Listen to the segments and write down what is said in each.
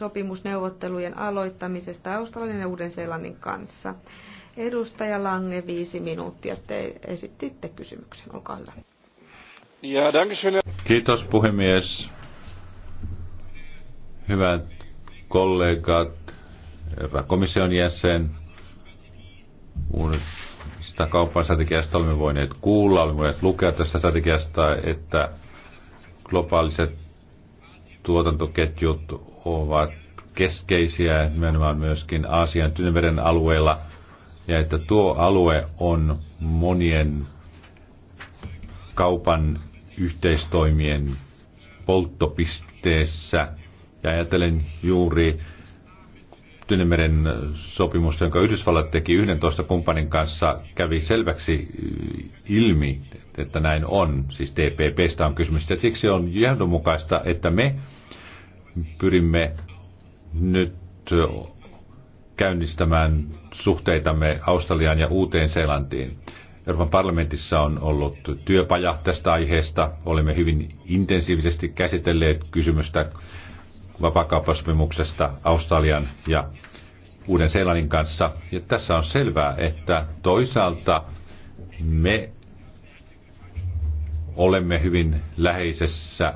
sopimusneuvottelujen aloittamisesta Australian ja Uuden-Seelannin kanssa. Edustaja Lange, viisi minuuttia. Te esititte kysymyksen. Olkaa hyvä. Kiitos puhemies. Hyvät kollegat, herra komission jäsen, uudesta kaupan strategiasta olemme voineet kuulla, olemme voineet lukea tästä strategiasta, että globaaliset tuotantoketjut ovat keskeisiä nimenomaan myöskin Aasian Tyynemeren alueella, ja että tuo alue on monien kaupan yhteistoimien polttopisteessä. Ja ajattelen juuri Tyynemeren sopimusta, jonka Yhdysvallat teki 11 kumppanin kanssa, kävi selväksi äh, ilmi, että näin on. Siis TPPstä on kysymys. Ja siksi on johdonmukaista, että me pyrimme nyt käynnistämään suhteitamme Australiaan ja Uuteen-Seelantiin. Euroopan parlamentissa on ollut työpaja tästä aiheesta. Olemme hyvin intensiivisesti käsitelleet kysymystä vapakauppasopimuksesta Australian ja Uuden-Seelannin kanssa. Ja tässä on selvää, että toisaalta me olemme hyvin läheisessä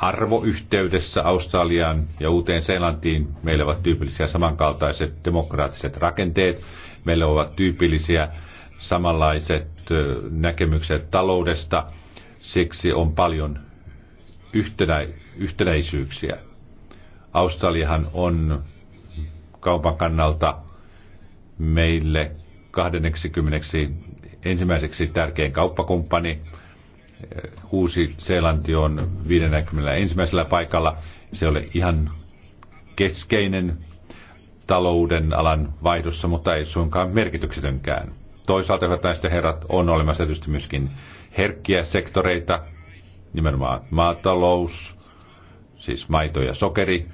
arvoyhteydessä Australiaan ja Uuteen-Seelantiin. Meillä ovat tyypillisiä samankaltaiset demokraattiset rakenteet. Meillä ovat tyypillisiä samanlaiset näkemykset taloudesta. Siksi on paljon yhtenä, yhtenäisyyksiä. Australiahan on kaupan kannalta meille 20 ensimmäiseksi tärkein kauppakumppani. Uusi-Seelanti on 51. paikalla. Se oli ihan keskeinen talouden alan vaihdossa, mutta ei suinkaan merkityksetönkään. Toisaalta, hyvät naiset herrat, on olemassa tietysti myöskin herkkiä sektoreita, nimenomaan maatalous, siis maito ja sokeri,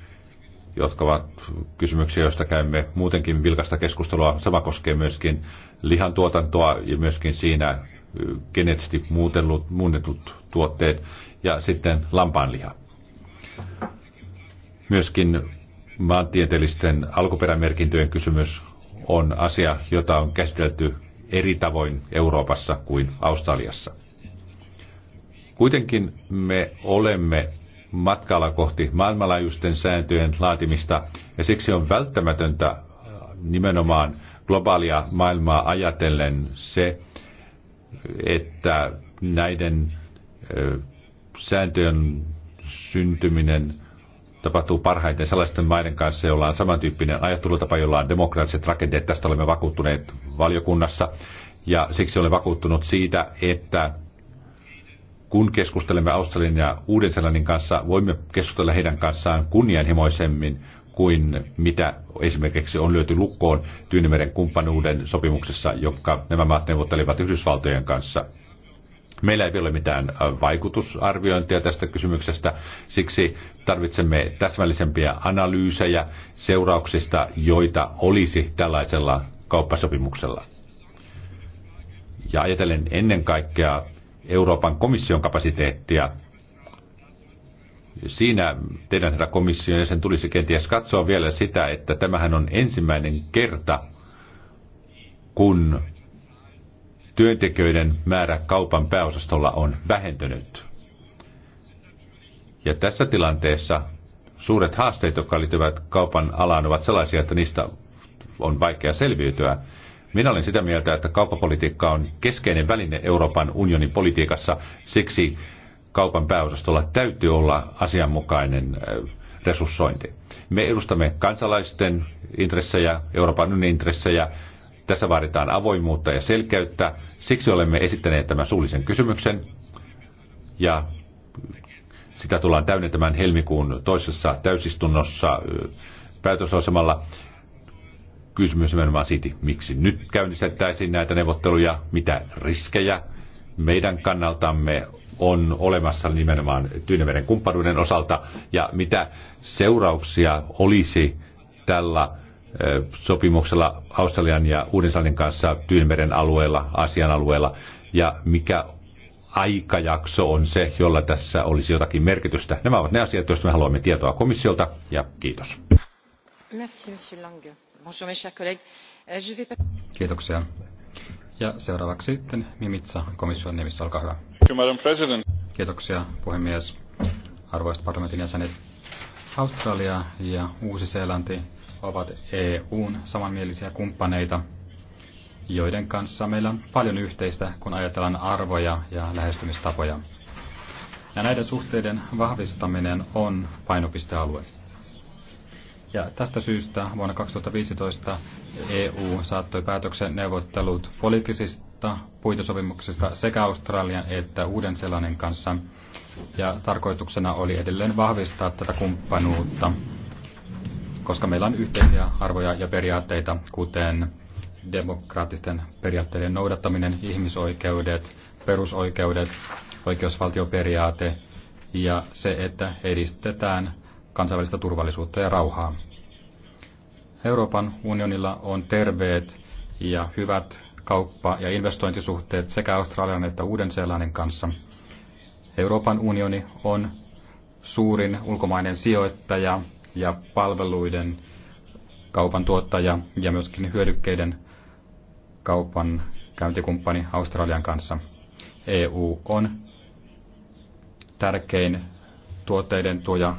jotka ovat kysymyksiä, joista käymme muutenkin vilkasta keskustelua. Sama koskee myöskin lihantuotantoa ja myöskin siinä geneettisesti muutellut, muunnetut tuotteet ja sitten lampaanliha. Myöskin maantieteellisten alkuperämerkintöjen kysymys on asia, jota on käsitelty eri tavoin Euroopassa kuin Australiassa. Kuitenkin me olemme matkalla kohti maailmanlaajuisten sääntöjen laatimista, ja siksi on välttämätöntä nimenomaan globaalia maailmaa ajatellen se, että näiden sääntöjen syntyminen tapahtuu parhaiten sellaisten maiden kanssa, joilla on samantyyppinen ajattelutapa, jolla on demokraattiset rakenteet. Tästä olemme vakuuttuneet valiokunnassa ja siksi olen vakuuttunut siitä, että kun keskustelemme Australian ja Uuden-Seelannin kanssa, voimme keskustella heidän kanssaan kunnianhimoisemmin kuin mitä esimerkiksi on lyöty lukkoon Tyynimeren kumppanuuden sopimuksessa, jonka nämä maat neuvottelivat Yhdysvaltojen kanssa. Meillä ei ole mitään vaikutusarviointia tästä kysymyksestä, siksi tarvitsemme täsmällisempiä analyysejä seurauksista, joita olisi tällaisella kauppasopimuksella. Ja ajatellen ennen kaikkea Euroopan komission kapasiteettia Siinä teidän herra komission jäsen tulisi kenties katsoa vielä sitä, että tämähän on ensimmäinen kerta, kun työntekijöiden määrä kaupan pääosastolla on vähentynyt. Ja tässä tilanteessa suuret haasteet, jotka liittyvät kaupan alaan, ovat sellaisia, että niistä on vaikea selviytyä. Minä olen sitä mieltä, että kauppapolitiikka on keskeinen väline Euroopan unionin politiikassa, siksi kaupan pääosastolla täytyy olla asianmukainen resurssointi. Me edustamme kansalaisten intressejä, Euroopan unionin intressejä. Tässä vaaditaan avoimuutta ja selkeyttä. Siksi olemme esittäneet tämän suullisen kysymyksen. Ja sitä tullaan täydentämään helmikuun toisessa täysistunnossa päätösasemalla. Kysymys nimenomaan siitä, miksi nyt käynnistettäisiin näitä neuvotteluja, mitä riskejä meidän kannaltamme on olemassa nimenomaan Tyynemeren kumppanuuden osalta ja mitä seurauksia olisi tällä sopimuksella Australian ja Uudensalin kanssa Tyynemeren alueella, Aasian alueella ja mikä aikajakso on se, jolla tässä olisi jotakin merkitystä. Nämä ovat ne asiat, joista me haluamme tietoa komissiolta ja kiitos. Merci, monsieur Lange. Bonjour, mes chers collègues. Euh, je vais... Kiitoksia. Ja seuraavaksi sitten Mimitsa komission nimissä, olkaa hyvä. Thank Kiitoksia, puhemies. Arvoisat parlamentin jäsenet, Australia ja Uusi-Seelanti ovat EUn samanmielisiä kumppaneita, joiden kanssa meillä on paljon yhteistä, kun ajatellaan arvoja ja lähestymistapoja. Ja näiden suhteiden vahvistaminen on painopistealue. Ja tästä syystä vuonna 2015 EU saattoi päätöksen neuvottelut poliittisista uudesta puitesopimuksesta sekä Australian että Uuden-Seelannin kanssa. Ja tarkoituksena oli edelleen vahvistaa tätä kumppanuutta, koska meillä on yhteisiä arvoja ja periaatteita, kuten demokraattisten periaatteiden noudattaminen, ihmisoikeudet, perusoikeudet, oikeusvaltioperiaate ja se, että edistetään kansainvälistä turvallisuutta ja rauhaa. Euroopan unionilla on terveet ja hyvät kauppa- ja investointisuhteet sekä Australian että Uuden-Seelannin kanssa. Euroopan unioni on suurin ulkomainen sijoittaja ja palveluiden kaupan tuottaja ja myöskin hyödykkeiden kaupan käyntikumppani Australian kanssa. EU on tärkein tuotteiden tuoja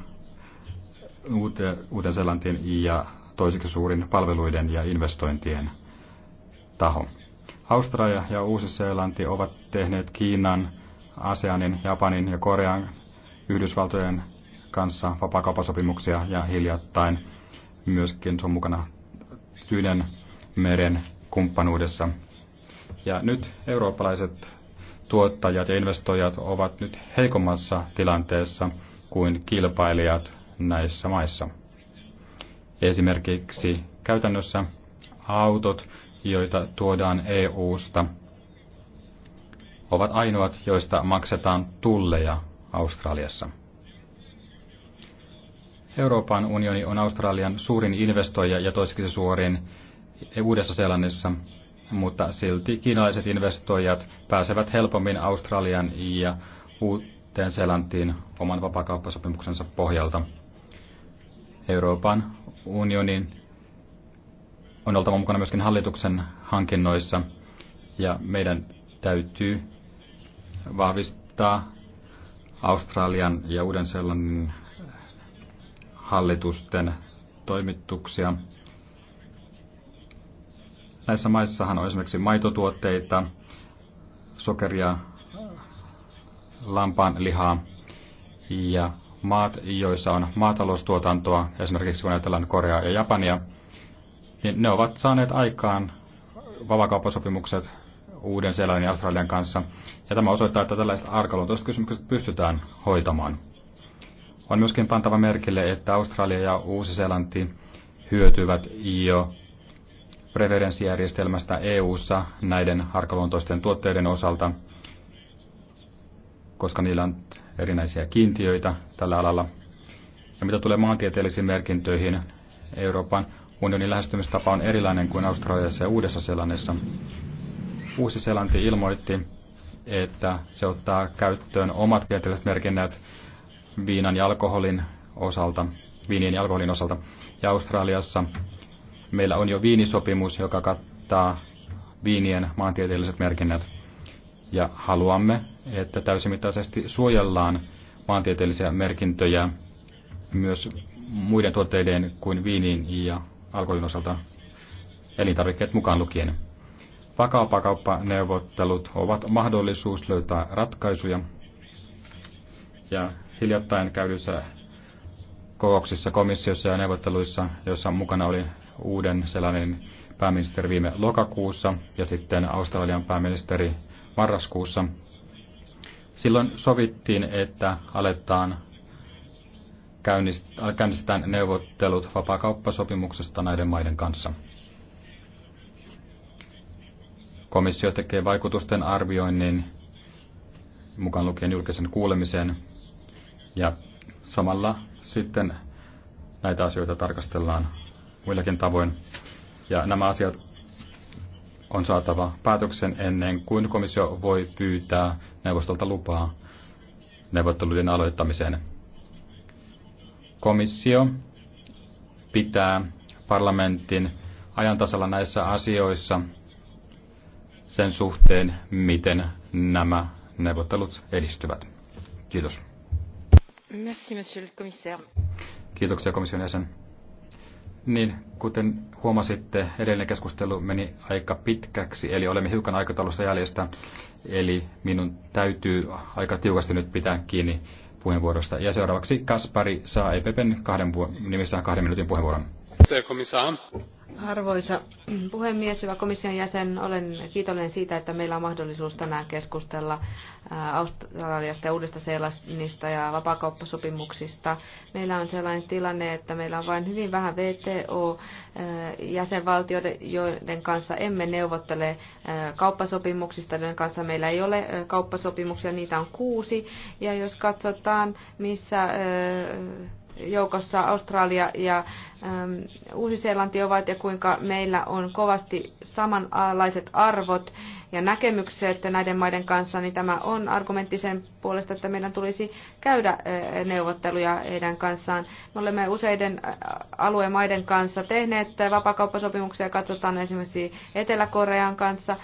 Uuden-Seelantiin ja toiseksi suurin palveluiden ja investointien taho. Australia ja Uusi-Seelanti ovat tehneet Kiinan, ASEANin, Japanin ja Korean Yhdysvaltojen kanssa vapaakauppasopimuksia ja hiljattain myöskin se on mukana Tyynen meren kumppanuudessa. Ja nyt eurooppalaiset tuottajat ja investoijat ovat nyt heikommassa tilanteessa kuin kilpailijat näissä maissa. Esimerkiksi käytännössä autot, joita tuodaan EU-sta, ovat ainoat, joista maksetaan tulleja Australiassa. Euroopan unioni on Australian suurin investoija ja toiseksi suorin Uudessa Seelannissa, mutta silti kiinalaiset investoijat pääsevät helpommin Australian ja Uuteen Seelantiin oman vapakauppasopimuksensa pohjalta. Euroopan unionin on oltava mukana myöskin hallituksen hankinnoissa ja meidän täytyy vahvistaa Australian ja Uuden-Seelannin hallitusten toimituksia. Näissä maissahan on esimerkiksi maitotuotteita, sokeria, lampaan lihaa ja maat, joissa on maataloustuotantoa, esimerkiksi kun ajatellaan Koreaa ja Japania, niin ne ovat saaneet aikaan vapakauppasopimukset uuden seelannin ja Australian kanssa. Ja tämä osoittaa, että tällaiset arkaluontoiset kysymykset pystytään hoitamaan. On myöskin pantava merkille, että Australia ja Uusi-Seelanti hyötyvät jo preferenssijärjestelmästä EU-ssa näiden arkaluontoisten tuotteiden osalta, koska niillä on erinäisiä kiintiöitä tällä alalla. Ja mitä tulee maantieteellisiin merkintöihin, Euroopan Unionin lähestymistapa on erilainen kuin Australiassa ja Uudessa-Seelannissa. Uusi-Seelanti ilmoitti, että se ottaa käyttöön omat tieteelliset merkinnät viinan ja alkoholin osalta, viinien ja alkoholin osalta. Ja Australiassa meillä on jo viinisopimus, joka kattaa viinien maantieteelliset merkinnät. Ja haluamme, että täysimittaisesti suojellaan maantieteellisiä merkintöjä myös muiden tuotteiden kuin viiniin ja alkoholin osalta elintarvikkeet mukaan lukien. Vakaupakauppaneuvottelut ovat mahdollisuus löytää ratkaisuja ja hiljattain käydyissä kokouksissa komissiossa ja neuvotteluissa, joissa mukana oli uuden sellainen pääministeri viime lokakuussa ja sitten Australian pääministeri marraskuussa. Silloin sovittiin, että aletaan Äh, käynnistetään neuvottelut vapaakauppasopimuksesta näiden maiden kanssa. Komissio tekee vaikutusten arvioinnin mukaan lukien julkisen kuulemisen ja samalla sitten näitä asioita tarkastellaan muillakin tavoin. Ja nämä asiat on saatava päätöksen ennen kuin komissio voi pyytää neuvostolta lupaa neuvotteluiden aloittamiseen. Komissio pitää parlamentin ajantasalla näissä asioissa sen suhteen, miten nämä neuvottelut edistyvät. Kiitos. Merci, monsieur le commissaire. Kiitoksia komission jäsen. Niin, kuten huomasitte, edellinen keskustelu meni aika pitkäksi, eli olemme hiukan aikataulussa jäljestä, eli minun täytyy aika tiukasti nyt pitää kiinni puheenvuorosta. Ja seuraavaksi Kaspari saa EPPn kahden vuo- nimissä kahden minuutin puheenvuoron. Arvoisa puhemies, hyvä komission jäsen, olen kiitollinen siitä, että meillä on mahdollisuus tänään keskustella Australiasta ja Uudesta Seelannista ja vapakauppasopimuksista. Meillä on sellainen tilanne, että meillä on vain hyvin vähän VTO-jäsenvaltioiden, joiden kanssa emme neuvottele kauppasopimuksista, joiden kanssa meillä ei ole kauppasopimuksia, niitä on kuusi. Ja jos katsotaan, missä joukossa Australia ja Uusi-Seelanti ovat ja kuinka meillä on kovasti samanlaiset arvot ja näkemykset näiden maiden kanssa, niin tämä on argumentti sen puolesta, että meidän tulisi käydä neuvotteluja heidän kanssaan. Me olemme useiden alueen maiden kanssa tehneet vapakauppasopimuksia, katsotaan esimerkiksi Etelä-Korean kanssa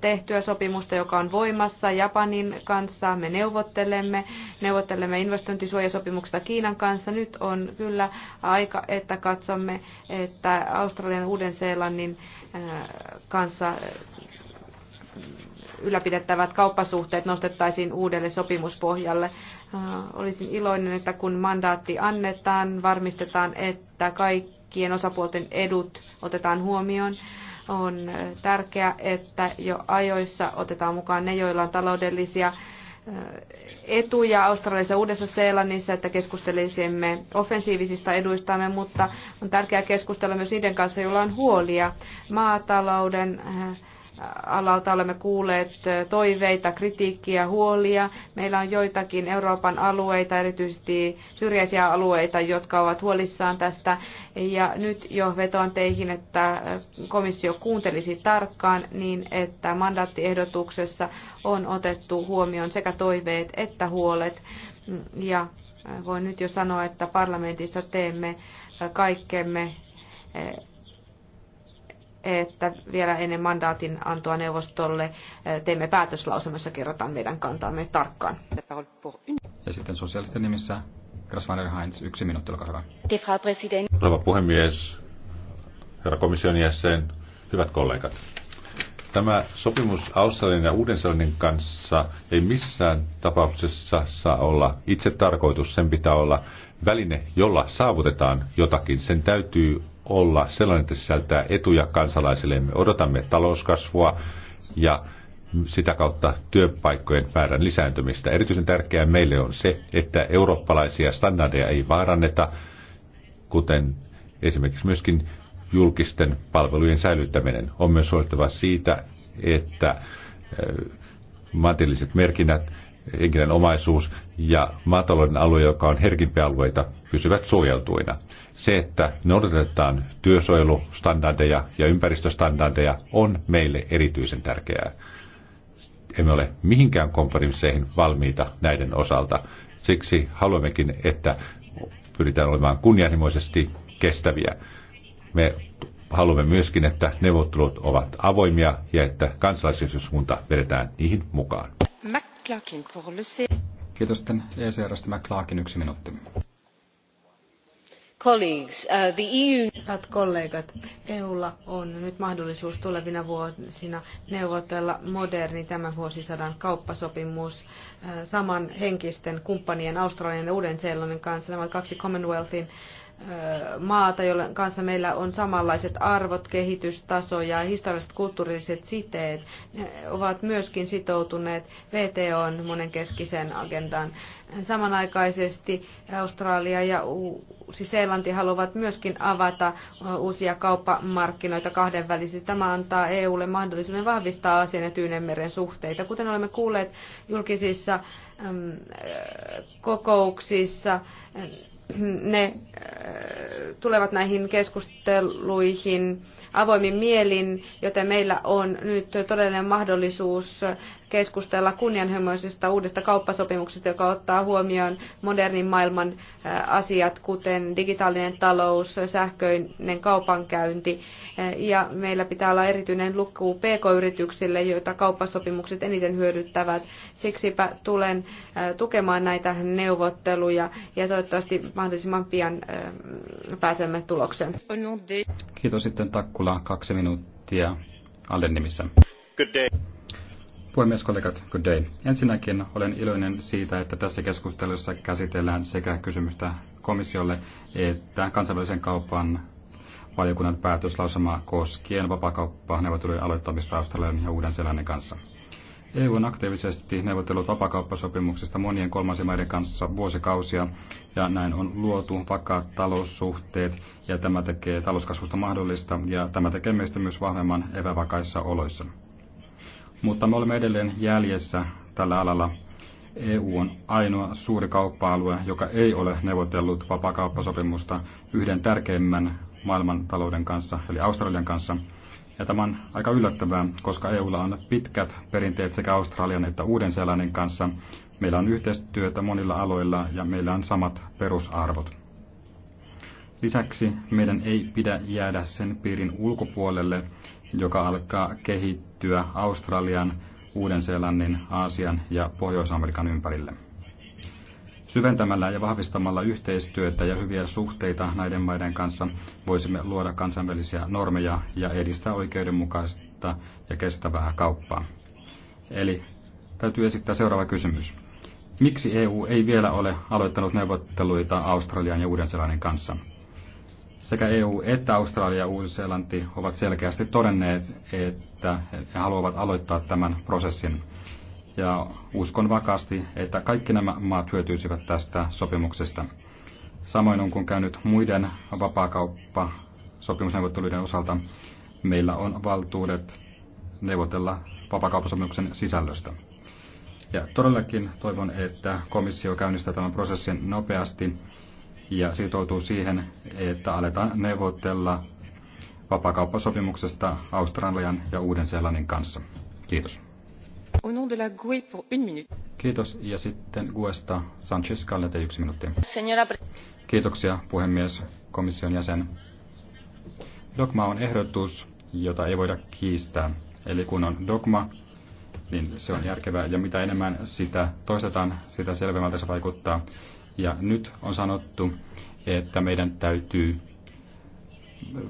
tehtyä sopimusta, joka on voimassa Japanin kanssa. Me neuvottelemme, neuvottelemme investointisuojasopimuksesta Kiinan kanssa. Nyt on kyllä aika, että katsomme, että Australian Uuden-Seelannin äh, kanssa äh, ylläpidettävät kauppasuhteet nostettaisiin uudelle sopimuspohjalle. Äh, olisin iloinen, että kun mandaatti annetaan, varmistetaan, että kaikkien osapuolten edut otetaan huomioon. On tärkeää, että jo ajoissa otetaan mukaan ne, joilla on taloudellisia etuja Australiassa ja Uudessa Seelannissa, että keskustelisimme offensiivisista eduistamme, mutta on tärkeää keskustella myös niiden kanssa, joilla on huolia maatalouden äh, alalta olemme kuulleet toiveita, kritiikkiä, huolia. Meillä on joitakin Euroopan alueita, erityisesti syrjäisiä alueita, jotka ovat huolissaan tästä. Ja nyt jo vetoan teihin, että komissio kuuntelisi tarkkaan niin, että mandaattiehdotuksessa on otettu huomioon sekä toiveet että huolet. Ja voin nyt jo sanoa, että parlamentissa teemme kaikkemme että vielä ennen mandaatin antoa neuvostolle eh, teemme päätöslausemassa kerrotaan meidän kantaamme tarkkaan. Ja sitten sosiaalisten nimissä Grasvaner Heinz, yksi minuutti, olkaa hyvä. Rouva puhemies, herra komission jäsen, hyvät kollegat. Tämä sopimus Australian ja uuden kanssa ei missään tapauksessa saa olla itse tarkoitus. Sen pitää olla väline, jolla saavutetaan jotakin. Sen täytyy olla sellainen, että sisältää etuja kansalaisille. Me odotamme talouskasvua ja sitä kautta työpaikkojen määrän lisääntymistä. Erityisen tärkeää meille on se, että eurooppalaisia standardeja ei vaaranneta, kuten esimerkiksi myöskin julkisten palvelujen säilyttäminen. On myös huolehtiva siitä, että maantielliset merkinnät, henkinen omaisuus ja maatalouden alue, joka on herkimpiä alueita, pysyvät suojeltuina. Se, että noudatetaan työsuojelustandardeja ja ympäristöstandardeja, on meille erityisen tärkeää. Emme ole mihinkään kompromisseihin valmiita näiden osalta. Siksi haluammekin, että pyritään olemaan kunnianhimoisesti kestäviä. Me haluamme myöskin, että neuvottelut ovat avoimia ja että kansalaisyhteiskunta vedetään niihin mukaan. Kiitos tämän ECRstä McClarkin yksi minuutti. Uh, e Hyvät kollegat, EUlla on nyt mahdollisuus tulevina vuosina neuvotella moderni tämän vuosisadan kauppasopimus uh, samanhenkisten kumppanien Australian ja Uuden-Seelannin kanssa. Nämä ovat kaksi Commonwealthin maata, jolle kanssa meillä on samanlaiset arvot, kehitystaso ja historialliset kulttuuriset siteet, ne ovat myöskin sitoutuneet VTOn monenkeskisen agendaan. Samanaikaisesti Australia ja Uusi-Seelanti haluavat myöskin avata uusia kauppamarkkinoita kahdenvälisesti. Tämä antaa EUlle mahdollisuuden vahvistaa Aasian ja Tyynenmeren suhteita. Kuten olemme kuulleet julkisissa kokouksissa, ne äh, tulevat näihin keskusteluihin avoimin mielin, joten meillä on nyt todellinen mahdollisuus keskustella kunnianhimoisesta uudesta kauppasopimuksesta, joka ottaa huomioon modernin maailman äh, asiat, kuten digitaalinen talous, sähköinen kaupankäynti. Äh, ja meillä pitää olla erityinen luku pk-yrityksille, joita kauppasopimukset eniten hyödyttävät. Siksipä tulen äh, tukemaan näitä neuvotteluja ja toivottavasti mahdollisimman pian pääsemme tulokseen. Kiitos sitten Takkula, kaksi minuuttia Alden nimissä. Puhemies, kollegat, good day. Ensinnäkin olen iloinen siitä, että tässä keskustelussa käsitellään sekä kysymystä komissiolle että kansainvälisen kaupan valiokunnan päätöslausumaa koskien neuvottelujen aloittamista Australian ja Uuden-Seelannin kanssa. EU on aktiivisesti neuvotellut vapakauppasopimuksista monien kolmansien maiden kanssa vuosikausia, ja näin on luotu vakaat taloussuhteet, ja tämä tekee talouskasvusta mahdollista, ja tämä tekee meistä myös vahvemman epävakaissa oloissa mutta me olemme edelleen jäljessä tällä alalla. EU on ainoa suuri kauppa-alue, joka ei ole neuvotellut kauppasopimusta yhden tärkeimmän maailmantalouden kanssa, eli Australian kanssa. Ja tämä on aika yllättävää, koska EUlla on pitkät perinteet sekä Australian että Uuden-Seelannin kanssa. Meillä on yhteistyötä monilla aloilla ja meillä on samat perusarvot. Lisäksi meidän ei pidä jäädä sen piirin ulkopuolelle, joka alkaa kehittyä liittyä Australian, Uuden-Seelannin, Aasian ja Pohjois-Amerikan ympärille. Syventämällä ja vahvistamalla yhteistyötä ja hyviä suhteita näiden maiden kanssa voisimme luoda kansainvälisiä normeja ja edistää oikeudenmukaista ja kestävää kauppaa. Eli täytyy esittää seuraava kysymys. Miksi EU ei vielä ole aloittanut neuvotteluita Australian ja Uuden-Seelannin kanssa? Sekä EU että Australia ja Uusi-Seelanti ovat selkeästi todenneet, että he haluavat aloittaa tämän prosessin. Ja uskon vakaasti, että kaikki nämä maat hyötyisivät tästä sopimuksesta. Samoin on kuin käynyt muiden sopimusneuvotteluiden osalta, meillä on valtuudet neuvotella vapaakauppasopimuksen sisällöstä. Ja todellakin toivon, että komissio käynnistää tämän prosessin nopeasti ja sitoutuu siihen, että aletaan neuvotella vapakauppasopimuksesta Australian ja Uuden-Seelannin kanssa. Kiitos. Au nom de la GUE pour une minute. Kiitos. Ja sitten GUEsta Sanchez Kallete yksi minuutti. Kiitoksia puhemies, komission jäsen. Dogma on ehdotus, jota ei voida kiistää. Eli kun on dogma, niin se on järkevää. Ja mitä enemmän sitä toistetaan, sitä selvemmältä se vaikuttaa. Ja nyt on sanottu, että meidän täytyy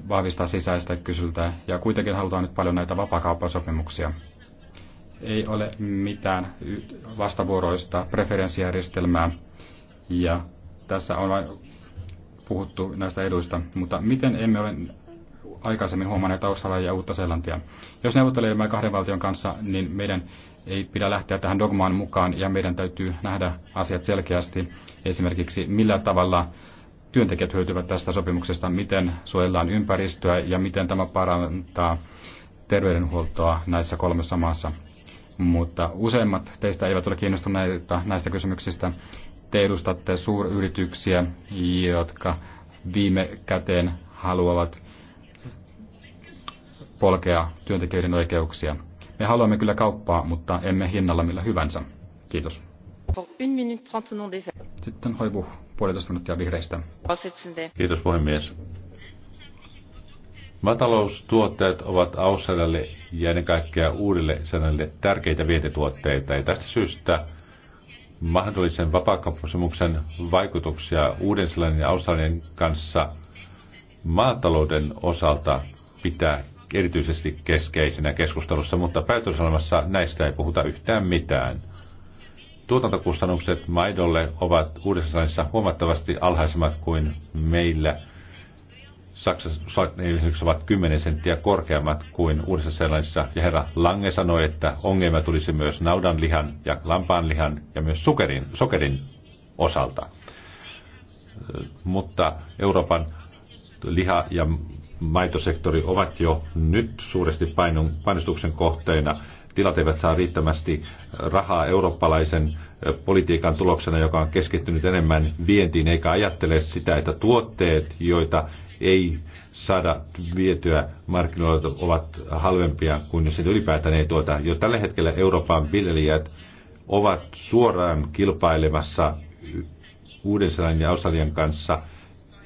vahvistaa sisäistä kysyntää. Ja kuitenkin halutaan nyt paljon näitä vapakauppasopimuksia. Ei ole mitään vastavuoroista preferenssijärjestelmää. Ja tässä on vain puhuttu näistä eduista, mutta miten emme ole aikaisemmin huomanneet Australia ja Uutta-Seelantia. Jos neuvottelemme kahden valtion kanssa, niin meidän ei pidä lähteä tähän dogmaan mukaan ja meidän täytyy nähdä asiat selkeästi. Esimerkiksi millä tavalla työntekijät hyötyvät tästä sopimuksesta, miten suojellaan ympäristöä ja miten tämä parantaa terveydenhuoltoa näissä kolmessa maassa. Mutta useimmat teistä eivät ole kiinnostuneita näistä kysymyksistä. Te edustatte suuryrityksiä, jotka viime käteen haluavat polkea työntekijöiden oikeuksia. Me haluamme kyllä kauppaa, mutta emme hinnalla millä hyvänsä. Kiitos. Sitten hoivu puolitoista minuuttia vihreistä. Kiitos puhemies. Maataloustuotteet ovat Australialle ja ennen kaikkea uudelle sanalle tärkeitä vientituotteita. Ja tästä syystä mahdollisen vapaakauppasemuksen vaikutuksia uuden ja Australian kanssa maatalouden osalta pitää erityisesti keskeisenä keskustelussa, mutta päätösolemassa näistä ei puhuta yhtään mitään. Tuotantokustannukset maidolle ovat Uudessa-Seelannissa huomattavasti alhaisemmat kuin meillä. Saksassa ovat 10 senttiä korkeammat kuin Uudessa-Seelannissa. Ja herra Lange sanoi, että ongelma tulisi myös naudanlihan ja lampaanlihan ja myös sokerin, sokerin osalta. Mutta Euroopan liha- ja maitosektori ovat jo nyt suuresti painostuksen kohteena. Tilat eivät saa riittävästi rahaa eurooppalaisen politiikan tuloksena, joka on keskittynyt enemmän vientiin, eikä ajattele sitä, että tuotteet, joita ei saada vietyä markkinoilta, ovat halvempia kuin jos ylipäätään ei tuota. Jo tällä hetkellä Euroopan viljelijät ovat suoraan kilpailemassa Uuden-Seelannin ja Australian kanssa –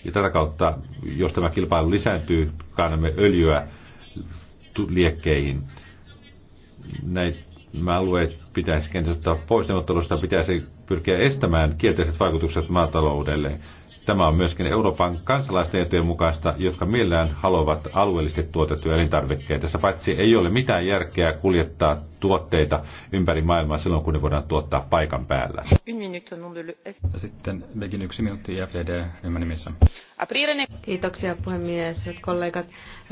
ja tätä kautta, jos tämä kilpailu lisääntyy, kannamme öljyä liekkeihin. Näitä alueet pitäisi kenties ottaa pois neuvottelusta, pitäisi pyrkiä estämään kielteiset vaikutukset maataloudelle. Tämä on myöskin Euroopan kansalaisten etujen mukaista, jotka millään haluavat alueellisesti tuotettuja elintarvikkeita. Tässä paitsi ei ole mitään järkeä kuljettaa tuotteita ympäri maailmaa silloin, kun ne voidaan tuottaa paikan päällä. Sitten Begin yksi minuutti FDD-ryhmän nimissä. Kiitoksia puhemies, hyvät kollegat.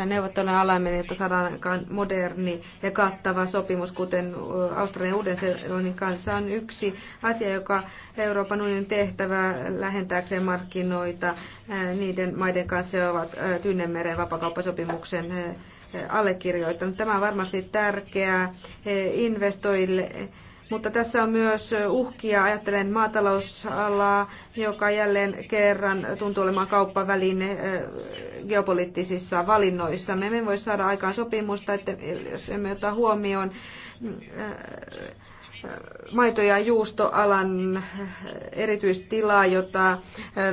Neuvottelun alainen, että saadaan moderni ja kattava sopimus, kuten Australian uuden seelannin kanssa, on yksi asia, joka Euroopan unionin tehtävä lähentääkseen markkinoille markkinoita niiden maiden kanssa, jotka ovat Tyynemeren vapakauppasopimuksen allekirjoittanut. Tämä on varmasti tärkeää investoille, mutta tässä on myös uhkia. Ajattelen maatalousalaa, joka jälleen kerran tuntuu olemaan kauppaväline geopoliittisissa valinnoissa. Me emme voi saada aikaan sopimusta, että jos emme ota huomioon maito- ja juustoalan erityistilaa, jota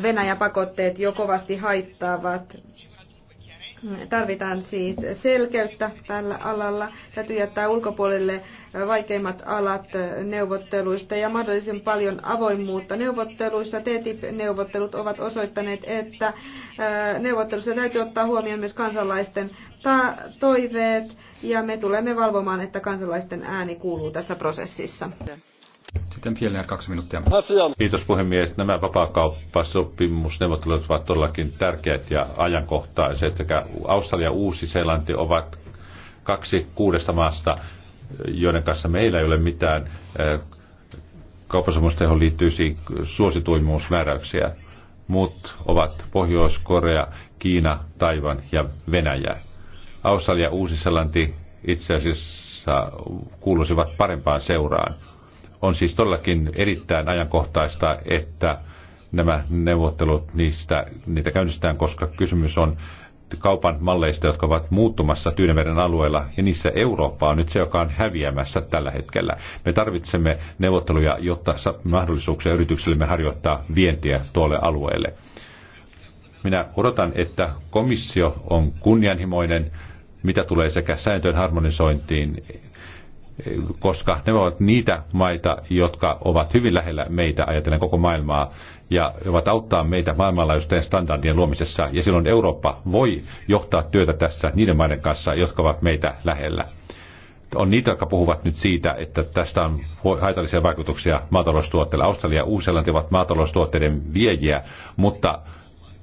Venäjä pakotteet jo kovasti haittaavat. Tarvitaan siis selkeyttä tällä alalla. Täytyy jättää ulkopuolelle vaikeimmat alat neuvotteluista ja mahdollisen paljon avoimuutta neuvotteluissa. TTIP-neuvottelut ovat osoittaneet, että äh, neuvottelussa täytyy ottaa huomioon myös kansalaisten toiveet ja me tulemme valvomaan, että kansalaisten ääni kuuluu tässä prosessissa. Sitten Pielner kaksi minuuttia. Kiitos puhemies. Nämä vapaakauppasopimusneuvottelut ovat todellakin tärkeät ja ajankohtaiset. Sekä Australia ja Uusi-Seelanti ovat kaksi kuudesta maasta, joiden kanssa meillä ei ole mitään eh, kauppasopimusteho liittyisi suosituimuusmääräyksiä. Muut ovat Pohjois-Korea, Kiina, Taivan ja Venäjä. Australia ja Uusi-Seelanti itse asiassa kuuluisivat parempaan seuraan. On siis todellakin erittäin ajankohtaista, että nämä neuvottelut, niistä, niitä käynnistetään, koska kysymys on kaupan malleista, jotka ovat muuttumassa Tyynemeren alueella, ja niissä Eurooppa on nyt se, joka on häviämässä tällä hetkellä. Me tarvitsemme neuvotteluja, jotta mahdollisuuksia yrityksillemme harjoittaa vientiä tuolle alueelle. Minä odotan, että komissio on kunnianhimoinen, mitä tulee sekä sääntöjen harmonisointiin koska ne ovat niitä maita, jotka ovat hyvin lähellä meitä, ajatellen koko maailmaa, ja ovat auttaa meitä maailmanlaajuisten standardien luomisessa, ja silloin Eurooppa voi johtaa työtä tässä niiden maiden kanssa, jotka ovat meitä lähellä. On niitä, jotka puhuvat nyt siitä, että tästä on haitallisia vaikutuksia maataloustuotteilla. Australia ja Uusi-Seelanti ovat maataloustuotteiden viejiä, mutta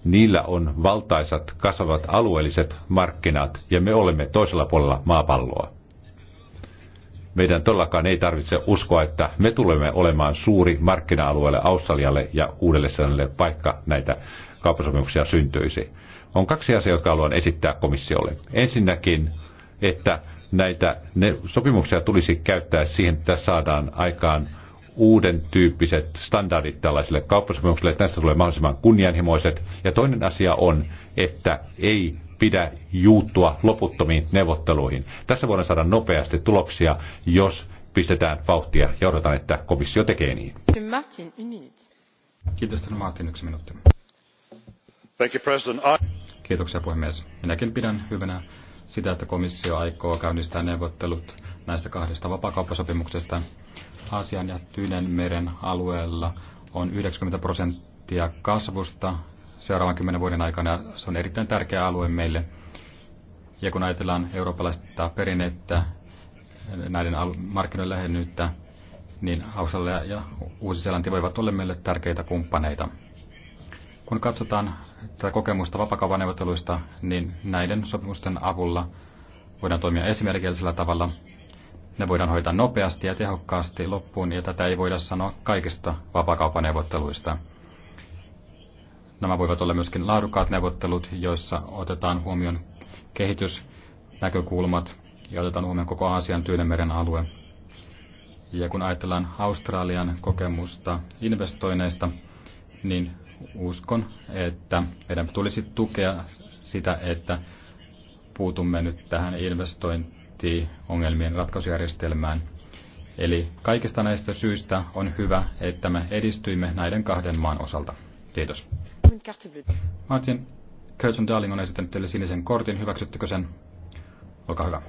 niillä on valtaisat kasvavat alueelliset markkinat, ja me olemme toisella puolella maapalloa. Meidän todellakaan ei tarvitse uskoa, että me tulemme olemaan suuri markkina-alueelle Australialle ja uudelle sellaiselle, paikka näitä kauppasopimuksia syntyisi. On kaksi asiaa, jotka haluan esittää komissiolle. Ensinnäkin, että näitä ne sopimuksia tulisi käyttää siihen, että saadaan aikaan uuden tyyppiset standardit tällaisille kauppasopimuksille, että näistä tulee mahdollisimman kunnianhimoiset. Ja toinen asia on, että ei pidä juuttua loputtomiin neuvotteluihin. Tässä voidaan saada nopeasti tuloksia, jos pistetään vauhtia ja odotan, että komissio tekee niin. Martin, Kiitos, Martin, yksi minuutti. Thank you, President. I... Kiitoksia, puhemies. Minäkin pidän hyvänä sitä, että komissio aikoo käynnistää neuvottelut näistä kahdesta vapakauppasopimuksesta. Aasian ja Tyynen meren alueella on 90 prosenttia kasvusta seuraavan kymmenen vuoden aikana. Se on erittäin tärkeä alue meille. Ja kun ajatellaan eurooppalaista perinnettä, näiden markkinoiden lähennyttä, niin Australia ja Uusi-Seelanti voivat olla meille tärkeitä kumppaneita. Kun katsotaan tätä kokemusta vapakaupaneuvotteluista, niin näiden sopimusten avulla voidaan toimia esimerkillisellä tavalla. Ne voidaan hoitaa nopeasti ja tehokkaasti loppuun, ja tätä ei voida sanoa kaikista vapakaupaneuvotteluista. Nämä voivat olla myöskin laadukkaat neuvottelut, joissa otetaan huomioon kehitysnäkökulmat ja otetaan huomioon koko Aasian Tyynemeren alue. Ja kun ajatellaan Australian kokemusta investoinneista, niin uskon, että meidän tulisi tukea sitä, että puutumme nyt tähän investointiongelmien ratkaisujärjestelmään. Eli kaikista näistä syistä on hyvä, että me edistyimme näiden kahden maan osalta. Kiitos. Martin Kirsten Darling on esittänyt teille sinisen kortin. Hyväksyttekö sen? Olkaa hyvä.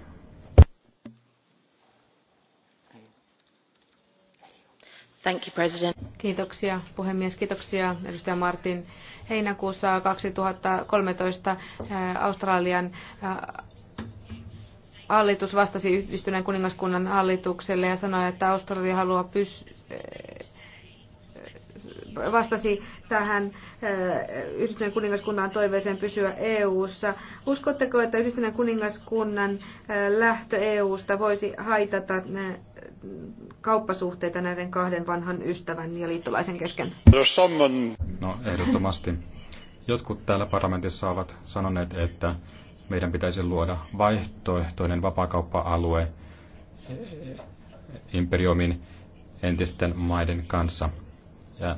Thank you, President. Kiitoksia puhemies, kiitoksia edustaja Martin. Heinäkuussa 2013 äh, Australian äh, hallitus vastasi yhdistyneen kuningaskunnan hallitukselle ja sanoi, että Australia haluaa pysyä äh, vastasi tähän eh, Yhdistyneen kuningaskunnan toiveeseen pysyä EU-ssa. Uskotteko, että Yhdistyneen kuningaskunnan eh, lähtö EU-sta voisi haitata eh, kauppasuhteita näiden kahden vanhan ystävän ja liittolaisen kesken? No, no, ehdottomasti. Jotkut täällä parlamentissa ovat sanoneet, että meidän pitäisi luoda vaihtoehtoinen vapaakauppa-alue imperiumin entisten maiden kanssa. Ja,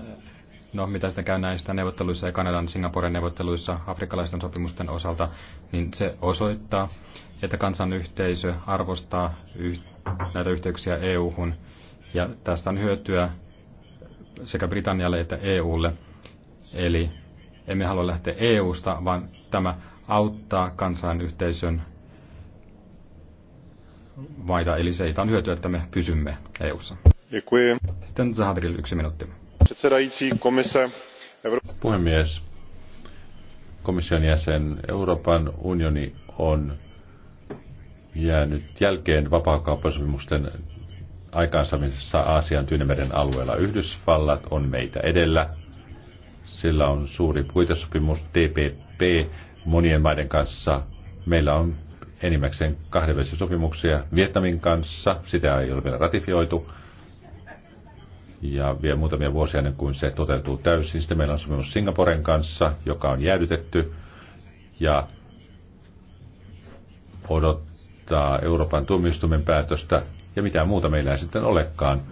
no, mitä sitten käy näistä neuvotteluissa ja Kanadan, Singaporen neuvotteluissa afrikkalaisten sopimusten osalta, niin se osoittaa, että kansanyhteisö arvostaa yh- näitä yhteyksiä EU-hun. Ja tästä on hyötyä sekä Britannialle että EUlle. Eli emme halua lähteä EUsta, vaan tämä auttaa kansanyhteisön vaita, Eli se on hyötyä, että me pysymme EUssa. Sitten Zahadril yksi minuutti. Puhemies, komission jäsen, Euroopan unioni on jäänyt jälkeen vapaakauppasopimusten aikaansaamisessa Aasian Tyynemeren alueella. Yhdysvallat on meitä edellä. Sillä on suuri puitesopimus TPP monien maiden kanssa. Meillä on enimmäkseen kahdenvälisiä sopimuksia Vietnamin kanssa. Sitä ei ole vielä ratifioitu ja vielä muutamia vuosia ennen kuin se toteutuu täysin. Sitten meillä on sopimus Singaporen kanssa, joka on jäädytetty ja odottaa Euroopan tuomioistuimen päätöstä ja mitään muuta meillä ei sitten olekaan.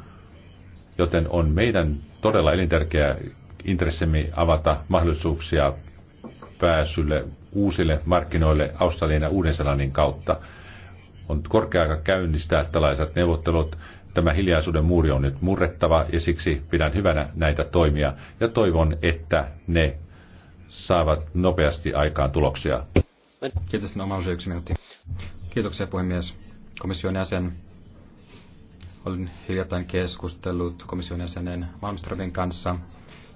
Joten on meidän todella elintärkeä intressimme avata mahdollisuuksia pääsylle uusille markkinoille Australian ja Uuden-Seelannin kautta. On korkea aika käynnistää tällaiset neuvottelut Tämä hiljaisuuden muuri on nyt murrettava ja siksi pidän hyvänä näitä toimia ja toivon, että ne saavat nopeasti aikaan tuloksia. Kiitos, Noma, yksi minuutti. Kiitoksia puhemies. Komission jäsen. Olin hiljattain keskustellut komission jäsenen Malmströmin kanssa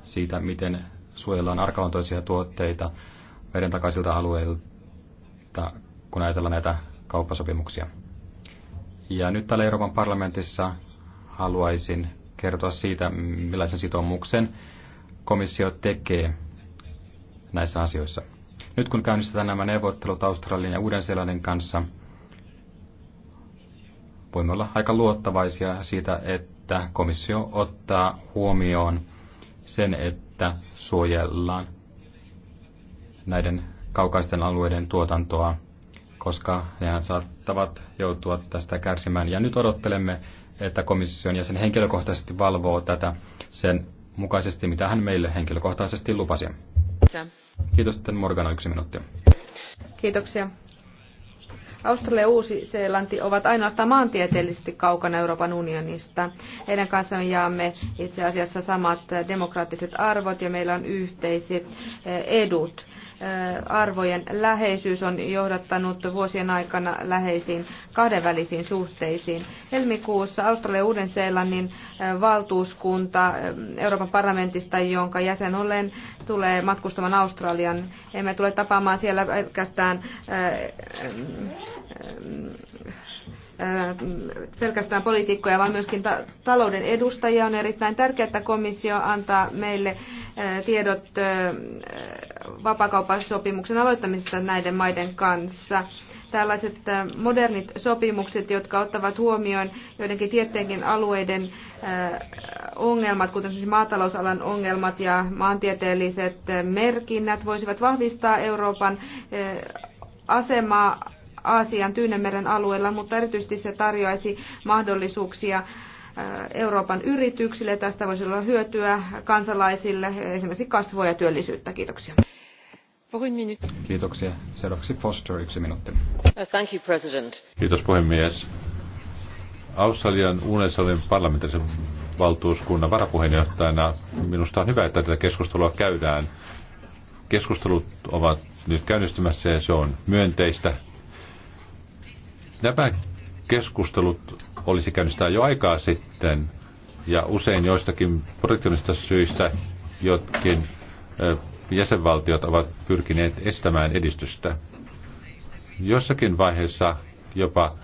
siitä, miten suojellaan arkaluontoisia tuotteita meidän takaisilta alueilta, kun ajatellaan näitä kauppasopimuksia. Ja nyt täällä Euroopan parlamentissa haluaisin kertoa siitä, millaisen sitoumuksen komissio tekee näissä asioissa. Nyt kun käynnistetään nämä neuvottelut Australian ja Uuden-Seelannin kanssa, voimme olla aika luottavaisia siitä, että komissio ottaa huomioon sen, että suojellaan näiden kaukaisten alueiden tuotantoa koska nehän saattavat joutua tästä kärsimään. Ja nyt odottelemme, että komission jäsen henkilökohtaisesti valvoo tätä sen mukaisesti, mitä hän meille henkilökohtaisesti lupasi. Kiitos sitten Morgana, yksi minuutti. Kiitoksia Australia ja Uusi-Seelanti ovat ainoastaan maantieteellisesti kaukana Euroopan unionista. Heidän kanssamme jaamme itse asiassa samat demokraattiset arvot ja meillä on yhteiset eh, edut eh, arvojen läheisyys on johdattanut vuosien aikana läheisiin kahdenvälisiin suhteisiin. Helmikuussa Australia ja Uuden-Seelannin eh, valtuuskunta Euroopan parlamentista, jonka jäsen olen, tulee matkustamaan Australian. Emme tule tapaamaan siellä pelkästään pelkästään poliitikkoja, vaan myöskin talouden edustajia. On erittäin tärkeää, että komissio antaa meille eh, tiedot eh, vapakauppasopimuksen aloittamisesta näiden maiden kanssa. Tällaiset eh, modernit sopimukset, jotka ottavat huomioon joidenkin tieteenkin alueiden ongelmat, kuten siis maatalousalan ongelmat ja maantieteelliset merkinnät, voisivat vahvistaa Euroopan asemaa Aasian Tyynemeren alueella, mutta erityisesti se tarjoaisi mahdollisuuksia äh, Euroopan yrityksille. Tästä voisi olla hyötyä kansalaisille, esimerkiksi kasvua ja työllisyyttä. Kiitoksia. Kiitoksia. Seuraavaksi Foster, yksi minuutti. Uh, thank you, President. Kiitos puhemies. Australian Unessolin parlamentaarisen valtuuskunnan varapuheenjohtajana minusta on hyvä, että tätä keskustelua käydään. Keskustelut ovat nyt käynnistymässä ja se on myönteistä. Nämä keskustelut olisi käynnistää jo aikaa sitten ja usein joistakin protektionista syistä jotkin jäsenvaltiot ovat pyrkineet estämään edistystä. Jossakin vaiheessa jopa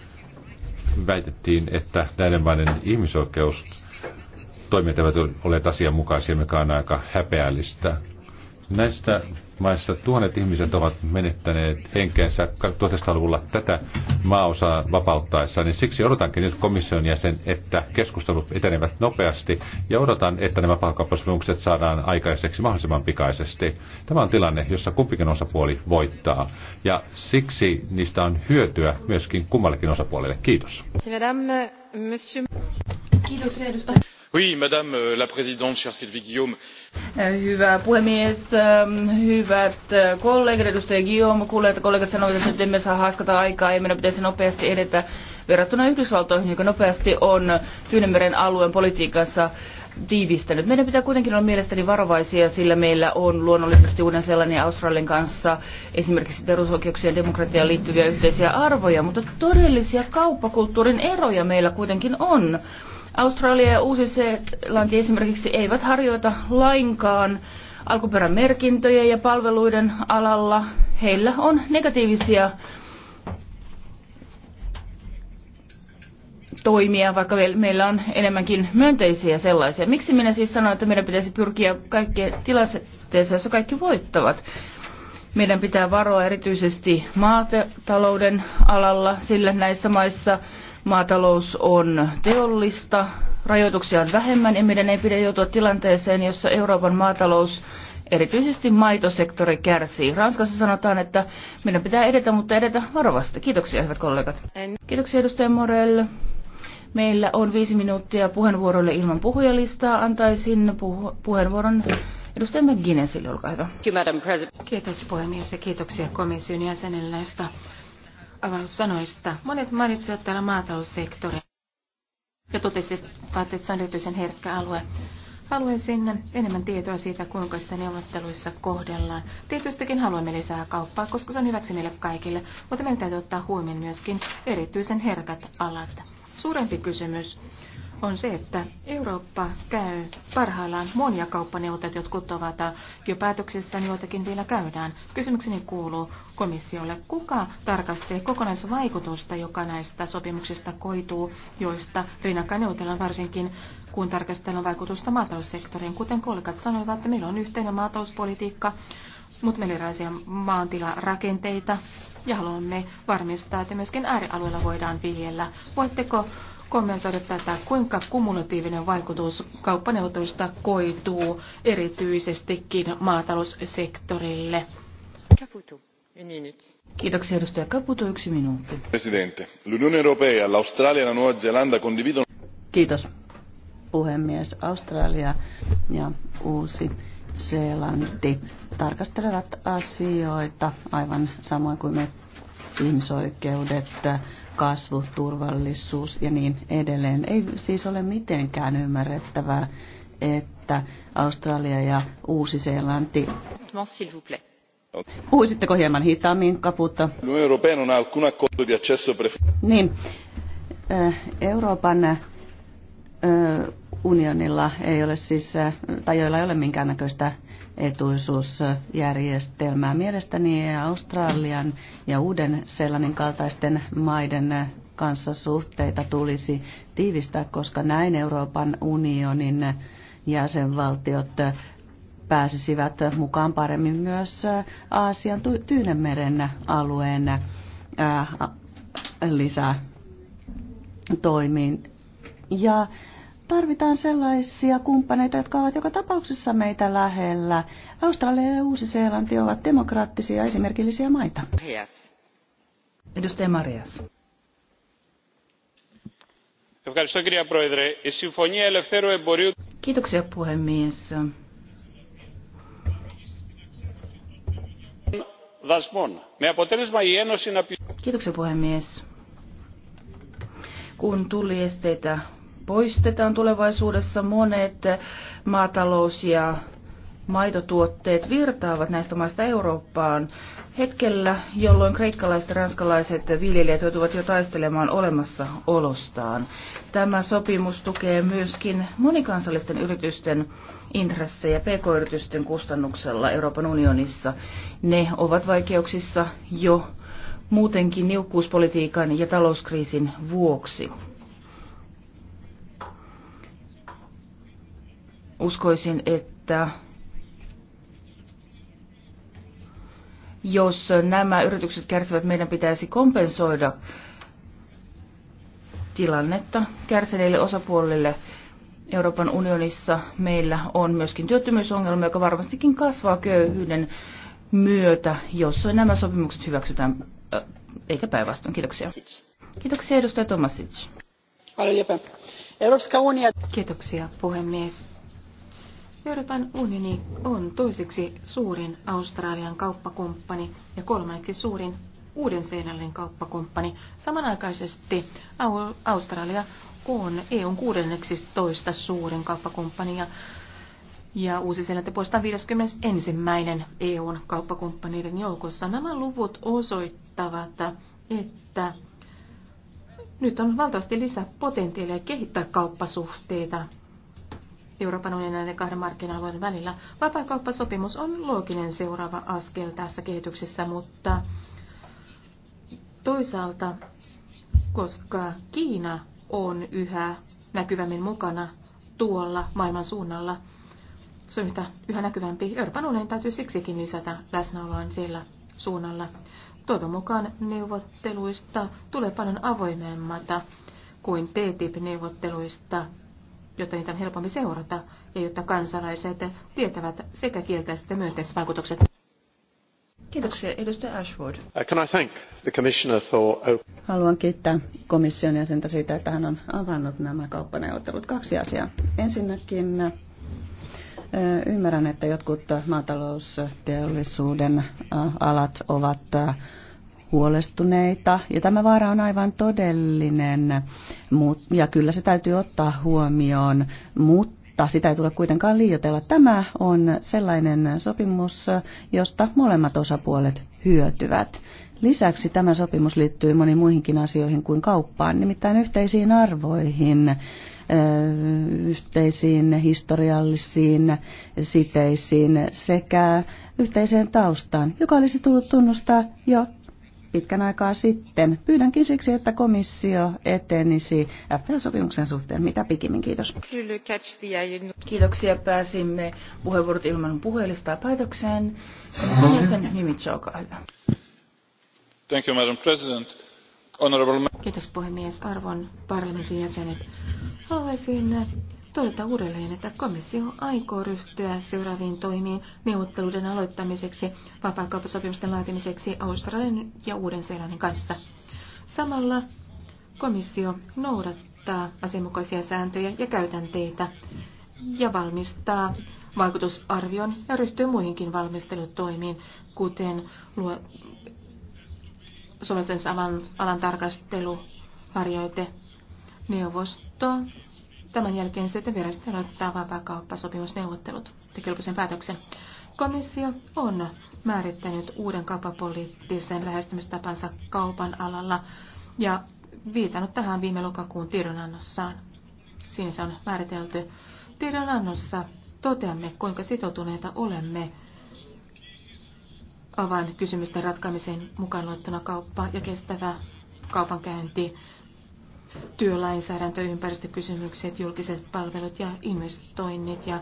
väitettiin, että näiden maiden ihmisoikeustoimet eivät ole asianmukaisia, mikä on aika häpeällistä. Näistä maissa tuhannet ihmiset ovat menettäneet henkeensä 1900-luvulla tätä maaosaa vapauttaessa, niin siksi odotankin nyt komission jäsen, että keskustelut etenevät nopeasti ja odotan, että nämä palkkauppasopimukset saadaan aikaiseksi mahdollisimman pikaisesti. Tämä on tilanne, jossa kumpikin osapuoli voittaa ja siksi niistä on hyötyä myöskin kummallekin osapuolelle. Kiitos. Kiitos edustaja madame euh, la présidente chère sylvie guillaume äh, hyvä puhemies ähm, hyvät äh, kollegat edustaja guillaume kuulleet kollegat sanoivat että nyt emme saa haaskata aikaa ja meidän pitäisi nopeasti edetä verrattuna yhdysvaltoihin joka nopeasti on tyynenmeren alueen politiikassa tiivistänyt. Meidän pitää kuitenkin olla mielestäni varovaisia, sillä meillä on luonnollisesti uuden sellainen ja Australian kanssa esimerkiksi perusoikeuksien ja demokratiaan liittyviä yhteisiä arvoja, mutta todellisia kauppakulttuurin eroja meillä kuitenkin on. Australia ja Uusi-Seelanti esimerkiksi eivät harjoita lainkaan alkuperämerkintöjä ja palveluiden alalla. Heillä on negatiivisia toimia, vaikka meillä on enemmänkin myönteisiä sellaisia. Miksi minä siis sanon, että meidän pitäisi pyrkiä kaikkeen tilanteeseen, jossa kaikki voittavat? Meidän pitää varoa erityisesti maatalouden alalla, sillä näissä maissa maatalous on teollista, rajoituksia on vähemmän ja meidän ei pidä joutua tilanteeseen, jossa Euroopan maatalous erityisesti maitosektori kärsii. Ranskassa sanotaan, että meidän pitää edetä, mutta edetä varovasti. Kiitoksia, hyvät kollegat. Kiitoksia, edustaja Morel. Meillä on viisi minuuttia puheenvuoroille ilman puhujalistaa. Antaisin puhu- puheenvuoron edustaja McGuinnessille, olkaa hyvä. Kiitos puhemies ja kiitoksia komission jäsenille näistä avaussanoista. Äh, Monet mainitsivat täällä maataloussektoria ja totesivat, että se on erityisen herkkä alue. sinne enemmän tietoa siitä, kuinka sitä neuvotteluissa kohdellaan. Tietystikin haluamme lisää kauppaa, koska se on hyväksi meille kaikille, mutta meidän täytyy ottaa huomioon myöskin erityisen herkät alat. Suurempi kysymys on se, että Eurooppa käy parhaillaan monia kauppaneuvottelut, jotkut ovat jo päätöksessä, niin joitakin vielä käydään. Kysymykseni kuuluu komissiolle, kuka tarkastelee kokonaisvaikutusta, joka näistä sopimuksista koituu, joista rinnakkain neuvotellaan varsinkin, kun tarkastellaan vaikutusta maataloussektoriin. Kuten kollegat sanoivat, että meillä on yhteinen maatalouspolitiikka, mutta meillä on erilaisia maantilarakenteita ja haluamme varmistaa, että myöskin äärialueilla voidaan viljellä. Voitteko kommentoida tätä, kuinka kumulatiivinen vaikutus kauppaneuvotteluista koituu erityisestikin maataloussektorille. Caputo. Kiitoksia edustaja Caputo, yksi minuutti. Presidente, l'Unione Europea, l'Australia ja e Nuova Zelanda condividono... Kiitos puhemies. Australia ja Uusi Seelanti tarkastelevat asioita aivan samoin kuin me ihmisoikeudet, kasvu, turvallisuus ja niin edelleen. Ei siis ole mitenkään ymmärrettävää, että Australia ja Uusi-Seelanti... Puhuisitteko hieman hitaammin, Kaputta? Niin, eh, Euroopan eh, unionilla ei ole siis, äh, tai joilla ei ole minkäännäköistä etuisuusjärjestelmää. Mielestäni Australian ja uuden sellainen kaltaisten maiden äh, kanssa suhteita tulisi tiivistää, koska näin Euroopan unionin äh, jäsenvaltiot pääsisivät mukaan paremmin myös Aasian tyynemeren alueen lisää toimiin. Ja tarvitaan sellaisia kumppaneita, jotka ovat joka tapauksessa meitä lähellä. Australia ja Uusi-Seelanti ovat demokraattisia esimerkillisiä maita. Yes. Edustaja Marias. Kiitoksia puhemies. Kiitoksia puhemies. Kun tuli esteitä poistetaan tulevaisuudessa. Monet maatalous- ja maitotuotteet virtaavat näistä maista Eurooppaan hetkellä, jolloin kreikkalaiset ja ranskalaiset viljelijät joutuvat jo taistelemaan olemassaolostaan. Tämä sopimus tukee myöskin monikansallisten yritysten intressejä pk-yritysten kustannuksella Euroopan unionissa. Ne ovat vaikeuksissa jo muutenkin niukkuuspolitiikan ja talouskriisin vuoksi. uskoisin, että jos nämä yritykset kärsivät, meidän pitäisi kompensoida tilannetta kärsineille osapuolille. Euroopan unionissa meillä on myöskin työttömyysongelma, joka varmastikin kasvaa köyhyyden myötä, jos nämä sopimukset hyväksytään, äh, eikä päinvastoin. Kiitoksia. Kiitoksia edustaja Tomasic. Kiitoksia puhemies Euroopan unioni on toiseksi suurin Australian kauppakumppani ja kolmanneksi suurin uuden seinällinen kauppakumppani. Samanaikaisesti Australia on EUn 16 suurin kauppakumppani ja, ja Uusi-Seelanti puolestaan 51. EUn kauppakumppaneiden joukossa. Nämä luvut osoittavat, että nyt on valtavasti lisää potentiaalia kehittää kauppasuhteita Euroopan unionin ja kahden markkina-alueen välillä. Vapaakauppasopimus on looginen seuraava askel tässä kehityksessä, mutta toisaalta, koska Kiina on yhä näkyvämmin mukana tuolla maailman suunnalla, se on yhtä, yhä näkyvämpi. Euroopan unionin täytyy siksikin lisätä läsnäoloaan siellä suunnalla. Toivon mukaan neuvotteluista tulee paljon avoimemmata kuin TTIP-neuvotteluista jotta niitä on helpompi seurata ja jotta kansalaiset tietävät sekä kielteiset että myönteiset vaikutukset. Kiitoksia. Edustaja Ashford. Uh, can I thank the commissioner for... Haluan kiittää komission jäsentä siitä, että hän on avannut nämä kauppaneuvottelut. Kaksi asiaa. Ensinnäkin uh, ymmärrän, että jotkut maatalousteollisuuden uh, alat ovat huolestuneita ja tämä vaara on aivan todellinen ja kyllä se täytyy ottaa huomioon, mutta sitä ei tule kuitenkaan liioitella. Tämä on sellainen sopimus, josta molemmat osapuolet hyötyvät. Lisäksi tämä sopimus liittyy moniin muihinkin asioihin kuin kauppaan, nimittäin yhteisiin arvoihin, yhteisiin historiallisiin siteisiin sekä yhteiseen taustaan, joka olisi tullut tunnustaa jo pitkän aikaa sitten. Pyydänkin siksi, että komissio etenisi FTA-sopimuksen suhteen mitä pikimmin. Kiitos. Kiitoksia. Pääsimme puheenvuorot ilman puheellista päätökseen. No. Sen nimi, olkaa hyvä. Thank you, Madam President. Honorable... Kiitos puhemies, arvon parlamentin jäsenet. Haluaisin todeta uudelleen, että komissio aikoo ryhtyä seuraaviin toimiin neuvotteluiden aloittamiseksi vapaakauppasopimusten laatimiseksi Australian ja Uuden-Seelannin kanssa. Samalla komissio noudattaa asianmukaisia sääntöjä ja käytänteitä ja valmistaa vaikutusarvion ja ryhtyy muihinkin valmistelutoimiin, kuten luo soveltamisalan alan tarkasteluharjoite. Neuvosto Tämän jälkeen sitten virasto aloittaa vapaakauppasopimusneuvottelut. Tekeekö sen päätöksen? Komissio on määrittänyt uuden kauppapoliittisen lähestymistapansa kaupan alalla ja viitannut tähän viime lokakuun tiedonannossaan. Siinä se on määritelty. Tiedonannossa toteamme, kuinka sitoutuneita olemme avain kysymysten ratkaamiseen mukaan luettuna kauppa ja kestävä kaupankäynti työlainsäädäntö, ympäristökysymykset, julkiset palvelut ja investoinnit ja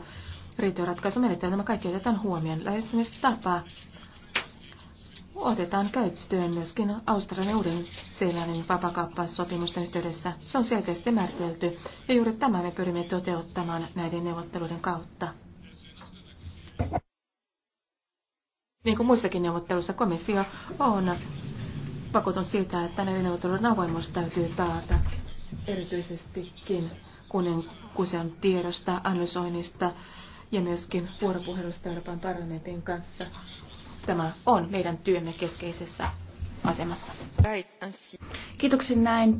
riitojenratkaisumenettely. Nämä kaikki otetaan huomioon. Lähestymistapa otetaan käyttöön myöskin Australian ja uuden seelannin vapakauppasopimusten yhteydessä. Se on selkeästi määritelty ja juuri tämä me pyrimme toteuttamaan näiden neuvotteluiden kautta. Niin kuin muissakin neuvotteluissa komissio on vakuutunut siitä, että näiden neuvotteluiden avoimuus täytyy taata erityisestikin kuninkuisen tiedosta, analysoinnista ja myöskin vuoropuhelusta Euroopan parlamentin kanssa. Tämä on meidän työmme keskeisessä asemassa. Kiitoksia näin.